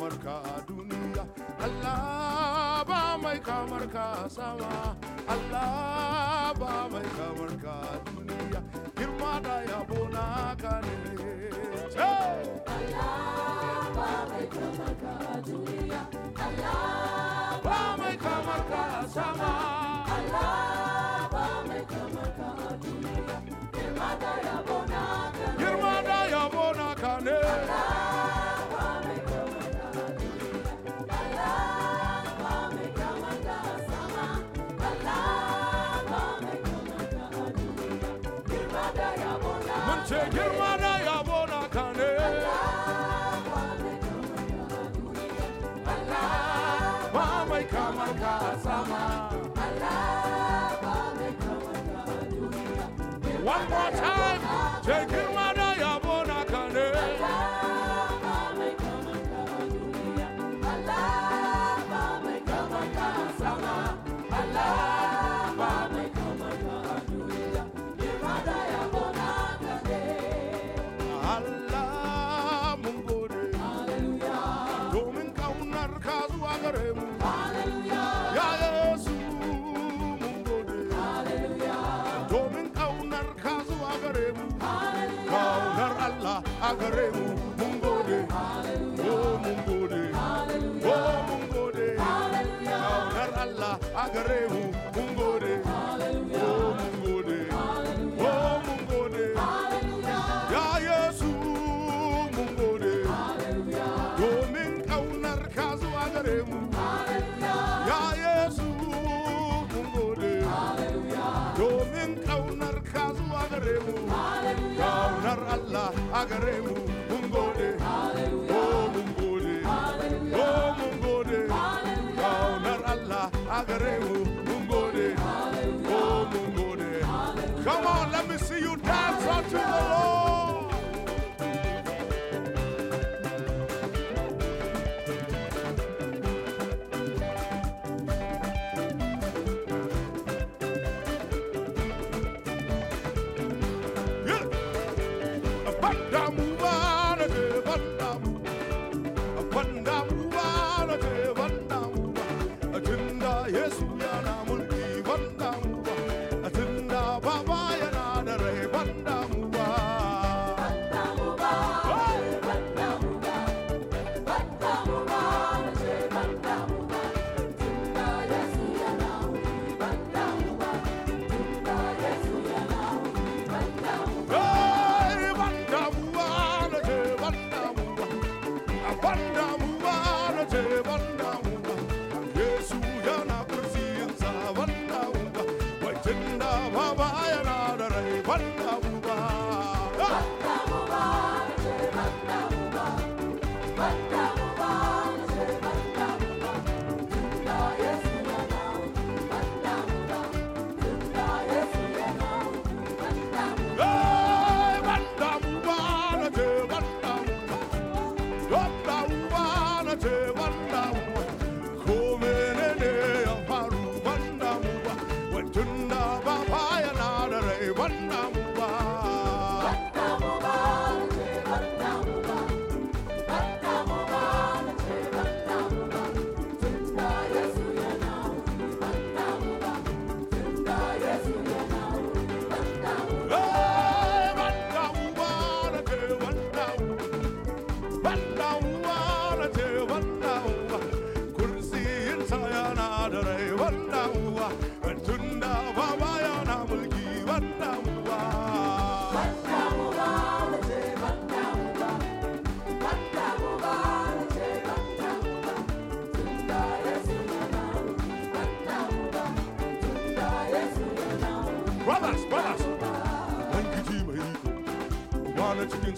kamar ka a duniya Allah ba mai kamar ka sama Allah ba mai kamar ka a duniya girma da yabo na ka ne Allah ba mai kamar ka duniya Allah ba mai kamar ka sama Take it domin kaunar ka zuwa gare mu kaunar Allah a gare mu mun gode oh mun gode oh mun gode kaunar Allah a gare mu nar Allah agaremu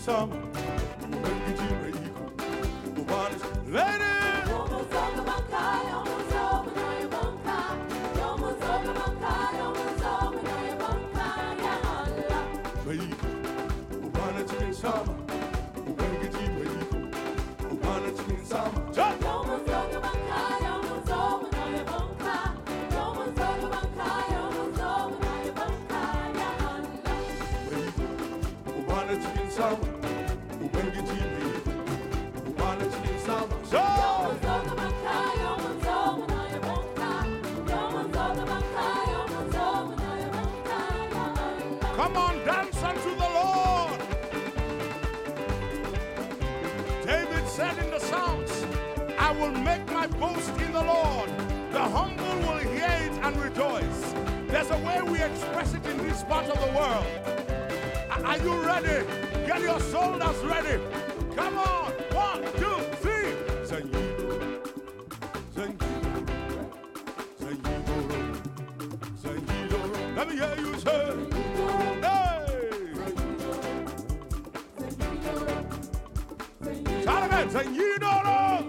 some. Make it to Rico. But what is later? Come on dance unto the Lord David said in the Psalms I will make my boast in the Lord The humble will hear it and rejoice There's a way we express it in this part of the world are you ready? Get your shoulders ready. Come on. One, two, three. Senhor. Let me hear you say. Hey. Shout Senhor.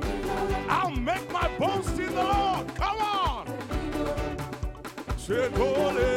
I'll make my boast in the Lord. Come on. Senhor.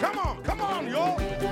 Come on, come on, y'all!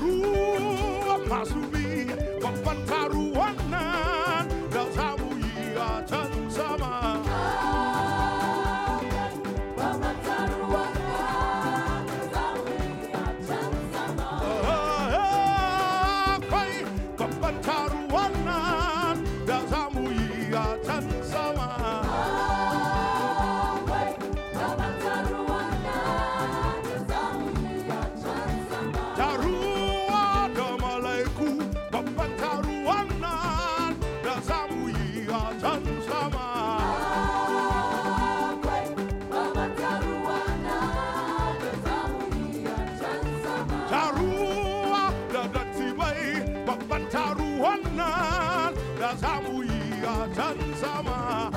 zabuya tanzama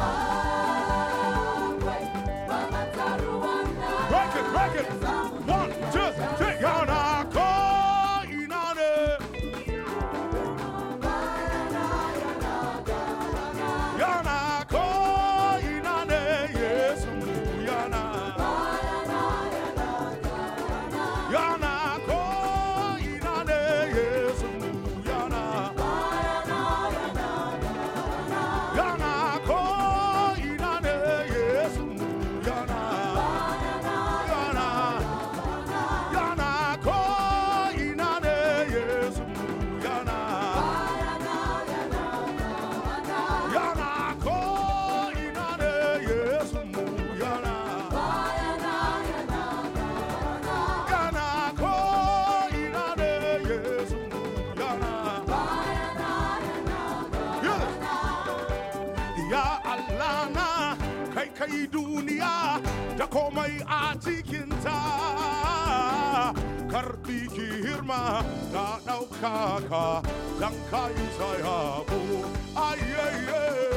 komai a karbi girma da ɗaukaka don kayi zayabu ayyaye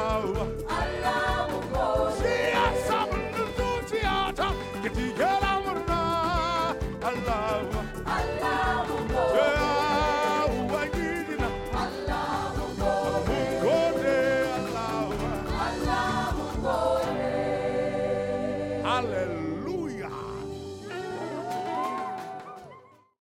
pessoal.